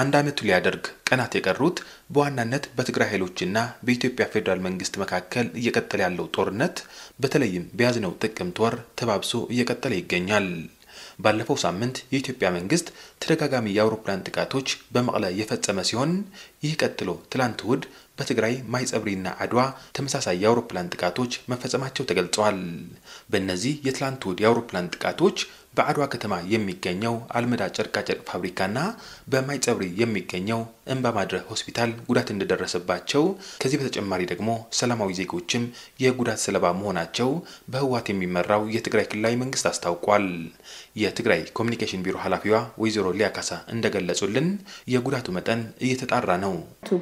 አንድ ዓመቱ ሊያደርግ ቀናት የቀሩት በዋናነት በትግራይ ኃይሎችና በኢትዮጵያ ፌዴራል መንግስት መካከል እየቀጠለ ያለው ጦርነት በተለይም በያዝነው ጥቅምት ወር ተባብሶ እየቀጠለ ይገኛል። ባለፈው ሳምንት የኢትዮጵያ መንግስት ተደጋጋሚ የአውሮፕላን ጥቃቶች በመቀለ የፈጸመ ሲሆን ይህ ቀጥሎ ትላንት እሁድ በትግራይ ማይጸብሪና አድዋ ተመሳሳይ የአውሮፕላን ጥቃቶች መፈጸማቸው ተገልጸዋል። በእነዚህ የትላንት እሁድ የአውሮፕላን ጥቃቶች በአድዋ ከተማ የሚገኘው አልመዳ ጨርቃጨርቅ ፋብሪካና በማይጸብሪ የሚገኘው እንባ ማድረ ሆስፒታል ጉዳት እንደደረሰባቸው ከዚህ በተጨማሪ ደግሞ ሰላማዊ ዜጎችም የጉዳት ሰለባ መሆናቸው በህወሓት የሚመራው የትግራይ ክልላዊ መንግስት አስታውቋል። የትግራይ ኮሚኒኬሽን ቢሮ ኃላፊዋ ወይዘሮ ሊያ ካሳ እንደገለጹልን የጉዳቱ መጠን እየተጣራ ነው።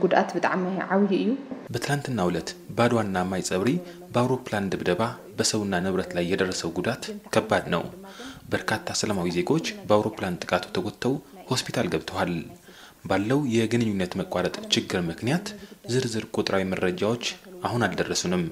ጉዳት በጣም ዓብይ እዩ። በትላንትናው ዕለት በአድዋና ማይጸብሪ በአውሮፕላን ድብደባ በሰውና ንብረት ላይ የደረሰው ጉዳት ከባድ ነው። በርካታ ሰላማዊ ዜጎች በአውሮፕላን ጥቃቱ ተጎድተው ሆስፒታል ገብተዋል። ባለው የግንኙነት መቋረጥ ችግር ምክንያት ዝርዝር ቁጥራዊ መረጃዎች አሁን አልደረሱንም።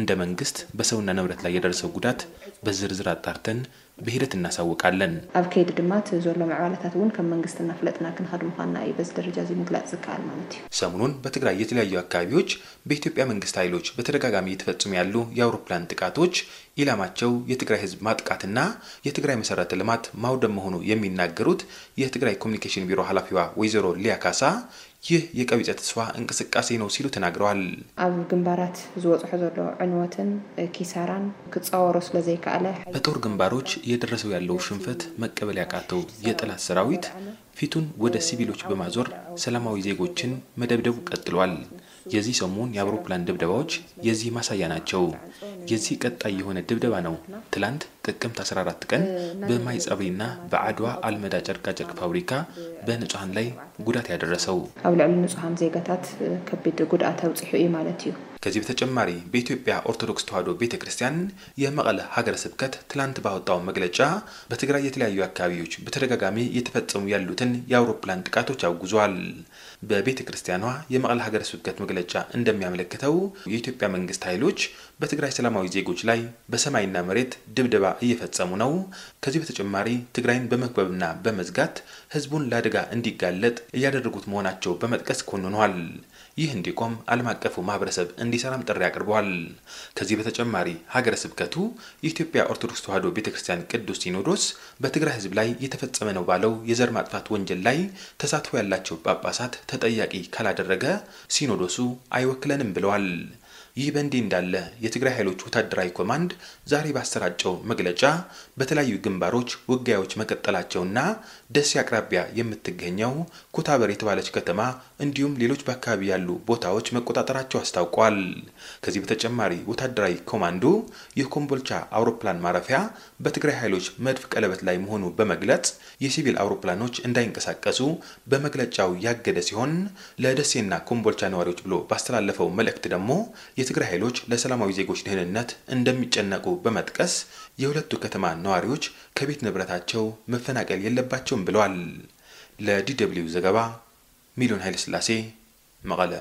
እንደ መንግስት በሰውና ንብረት ላይ የደረሰው ጉዳት በዝርዝር አጣርተን ብሂደት እናሳውቃለን ኣብ ከይዲ ድማ እቲ ምዕባለታት እውን ከም መንግስትና ፍለጥና ክንኸድ ምኳና እዩ በዚ ደረጃ እዚ ምግላፅ ዝከኣል ማለት እዩ ሰሙኑን በትግራይ የተለያዩ አካባቢዎች በኢትዮጵያ መንግስት ኃይሎች በተደጋጋሚ እየተፈጽሙ ያሉ የአውሮፕላን ጥቃቶች ኢላማቸው የትግራይ ህዝብ ማጥቃትና የትግራይ መሰረተ ልማት ማውደም መሆኑ የሚናገሩት የትግራይ ኮሚኒኬሽን ቢሮ ኃላፊዋ ወይዘሮ ሊያካሳ። ይህ የቀቢፀ ተስፋ እንቅስቃሴ ነው ሲሉ ተናግረዋል። ኣብ ግንባራት ዝወፅሑ ዘሎ ዕንወትን ኪሳራን ክፃወሮ ስለዘይከኣለ በጦር ግንባሮች እየደረሰው ያለው ሽንፈት መቀበል ያቃተው የጠላት ሰራዊት ፊቱን ወደ ሲቪሎች በማዞር ሰላማዊ ዜጎችን መደብደቡ ቀጥሏል። የዚህ ሰሞን የአውሮፕላን ድብደባዎች የዚህ ማሳያ ናቸው። የዚህ ቀጣይ የሆነ ድብደባ ነው። ትላንት ጥቅምት 14 ቀን በማይጸብሪና በአድዋ አልመዳ ጨርቃጨርቅ ፋብሪካ በንጹሐን ላይ ጉዳት ያደረሰው አብ ልዕሊ ንጹሐን ዜጋታት ከቢድ ጉድኣት ኣውፅሑ እዩ ማለት እዩ። ከዚህ በተጨማሪ በኢትዮጵያ ኦርቶዶክስ ተዋሕዶ ቤተ ክርስቲያን የመቀለ ሀገረ ስብከት ትላንት ባወጣው መግለጫ በትግራይ የተለያዩ አካባቢዎች በተደጋጋሚ እየተፈጸሙ ያሉትን የአውሮፕላን ጥቃቶች አውግዟል። በቤተ ክርስቲያኗ የመቀለ ሀገረ ስብከት መግለጫ እንደሚያመለክተው የኢትዮጵያ መንግስት ኃይሎች በትግራይ ሰላማዊ ዜጎች ላይ በሰማይና መሬት ድብደባ እየፈጸሙ ነው። ከዚህ በተጨማሪ ትግራይን በመክበብና በመዝጋት ህዝቡን ለአደጋ እንዲጋለጥ እያደረጉት መሆናቸው በመጥቀስ ኮንኗል። ይህ እንዲቆም ዓለም አቀፉ ማህበረሰብ እንዲሰራም ጥሪ አቅርበዋል። ከዚህ በተጨማሪ ሀገረ ስብከቱ የኢትዮጵያ ኦርቶዶክስ ተዋሕዶ ቤተ ክርስቲያን ቅዱስ ሲኖዶስ በትግራይ ህዝብ ላይ የተፈጸመ ነው ባለው የዘር ማጥፋት ወንጀል ላይ ተሳትፎ ያላቸው ጳጳሳት ተጠያቂ ካላደረገ ሲኖዶሱ አይወክለንም ብለዋል። ይህ በእንዲህ እንዳለ የትግራይ ኃይሎች ወታደራዊ ኮማንድ ዛሬ ባሰራጨው መግለጫ በተለያዩ ግንባሮች ውጊያዎች መቀጠላቸውና ደሴ አቅራቢያ የምትገኘው ኩታበር የተባለች ከተማ እንዲሁም ሌሎች በአካባቢ ያሉ ቦታዎች መቆጣጠራቸው አስታውቋል። ከዚህ በተጨማሪ ወታደራዊ ኮማንዱ የኮምቦልቻ አውሮፕላን ማረፊያ በትግራይ ኃይሎች መድፍ ቀለበት ላይ መሆኑ በመግለጽ የሲቪል አውሮፕላኖች እንዳይንቀሳቀሱ በመግለጫው ያገደ ሲሆን ለደሴና ኮምቦልቻ ነዋሪዎች ብሎ ባስተላለፈው መልእክት ደግሞ የትግራይ ኃይሎች ለሰላማዊ ዜጎች ደህንነት እንደሚጨነቁ በመጥቀስ የሁለቱ ከተማ ነዋሪዎች ከቤት ንብረታቸው መፈናቀል የለባቸውም ብለዋል። ለዲደብሊው ዘገባ ሚሊዮን ኃይለስላሴ መቀለ